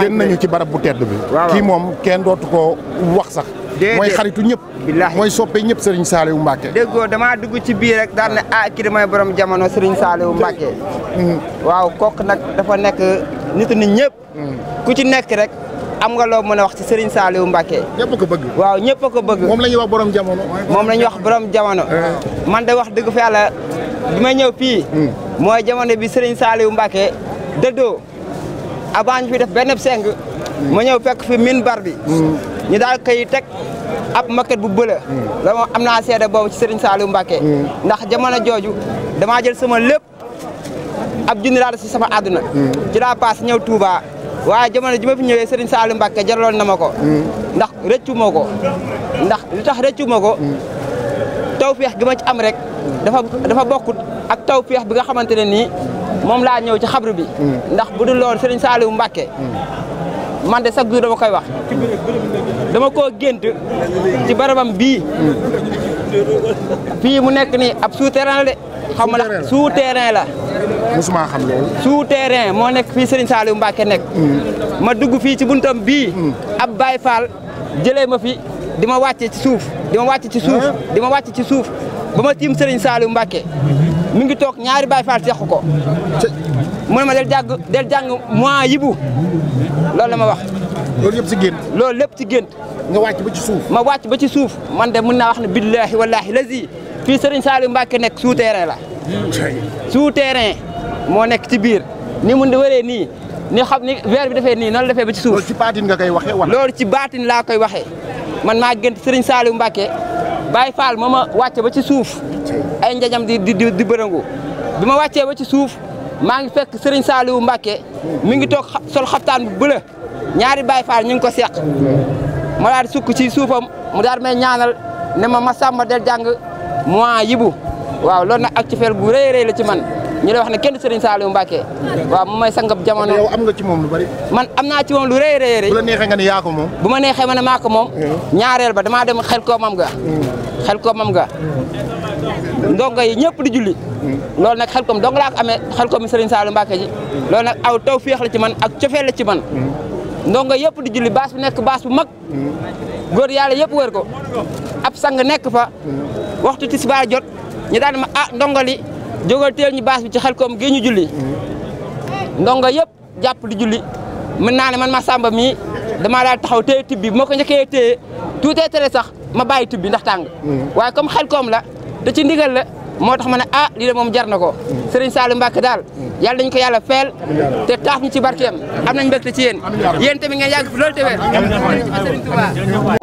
génn nañu ci barab bu tedd bi kii moom ke dootu ko wax sax mooy xaritu ñëpp mooy soppe ñëpp Serigne Saliou Mbacké déggoo damaa dugg ci biir rek daal ne ah kii damay borom jamono Serigne Saliou Mbacké hmm. waaw kooku nag dafa nekk nitu nit ñëpp hmm. ku ci nekk rek am nga loo mën a wax ci Serigne Saliou Mbacké ñëpp ko bëgg waaw ñëpp ko bëgg moom la ñuy wax borom jamono la ñuy wax borom jamono eh. man de wax dëgg fa yàlla bi may ñëw fii hmm. mooy jamono bi Serigne Saliou Mbacké dëddoo avant ñu fi def benn seng ma ñëw fekk fi minbar bi ñu daal teg ab maquette bu bëla la am naa seede boobu ci Serigne Saliou Mbacké ndax jamono jooju damaa jël sama lépp ab junni laa si sama àdduna ci laa paas ñëw tuuba waaye jamono ji ma fi ñëwee Serigne Saliou Mbacké jaraloon na ma ko ndax rëccu ma ko ndax li tax rëccu ma ko taw gi ma ci am rek dafa bokkut ak tawfeex bi nga xamante ne nii moom laa ñëw ci xabru bi hmm. ndax bu dul loon Serigne Saliou Mbacké hmm. man de chaque jour dama koy wax dama ko gént ci barabam bii hmm. fii mu nekk nii ab souterrain la de xam la souterrain la musuma xam loolu souterrain moo nekk fii Serigne Saliou Mbacké nekk ma dugg fii ci buntam bii ab Baye Fall jëlee ma fi di ma wàcce ci suuf di ma wàcce ci suuf di ma wàcce ci suuf ba ma tiim sëriñ Saliou Mbacké mi ngi toog ñaari Baye Fall seq ko mu ma del jàng del jàng mois yibu loolu la ma wax. loolu yëpp ci gént. loolu lépp ci gént. nga wàcc ba ci suuf. ma wàcc ba ci suuf man de mun naa wax ne billahi wallahi lazi fii sëriñ Saliou Mbacké nekk sous terrain la. suu terrain moo nekk ci biir ni mun di waree nii ni xam ni verre bi defee nii noonu la defee ba ci suuf. loolu ci baatin nga koy waxee loolu ci baatin laa koy waxee. man maa gën Serigne Saliou Mbacké Baye Fall ma ma wàcce ba ci suuf ay njajam di di di bërëngu bi ma wàccee ba ci suuf maa ngi fekk Serigne Saliou Mbacké mi ngi toog sol xaftaan bu bëla ñaari baay Fall ñu ngi ko seq ma daal sukk ci suufam mu daal may ñaanal ne ma ma sàmm del jàng mois yibu waaw loolu nag ak ci fel bu rëy rëy la ci man ñu lay wax ne kenn Serigne Saliou Mbacké waaw mu may sangab jamono yow am nga ci moom lu bari man am naa ci moom lu rëy rëy rëy bu moom bu ma neexee ma ne maa moom hmm. ñaareel ba damaa dem xel koo mam ga hmm. xel koo mam hmm. ndongo yi ñëpp di julli loolu nag xel koom dong laa ame amee xel koom sëriñ Saliou Mbacké ji loolu nag aw taw féex la ci man ak cofeel la ci man ndongo yëpp di julli baas bu nekk baas bu mag góor yàlla yëpp wër ko ab sang nekk fa waxtu tisbaar jot ñu daal ma ah ndongo li jógal teel ñu baas bi ci xel koom gii ñu julli ndongo yëpp jàpp di julli mën naa ne man ma samba mii dama daal taxaw téye tib bi moo ko njëkkee téye tuutee tere sax ma bàyyi tib bi ndax tàng waaye comme xel koom la te ci ndigal la moo tax ma ne ah lii de moom jar na ko Serigne Saliou Mbacké daal yàlla dañ ko yàlla feel te taaf ñu ci barkeem am nañ mbégte ci yéen yéen tamit ngeen yàgg fi loolu te wér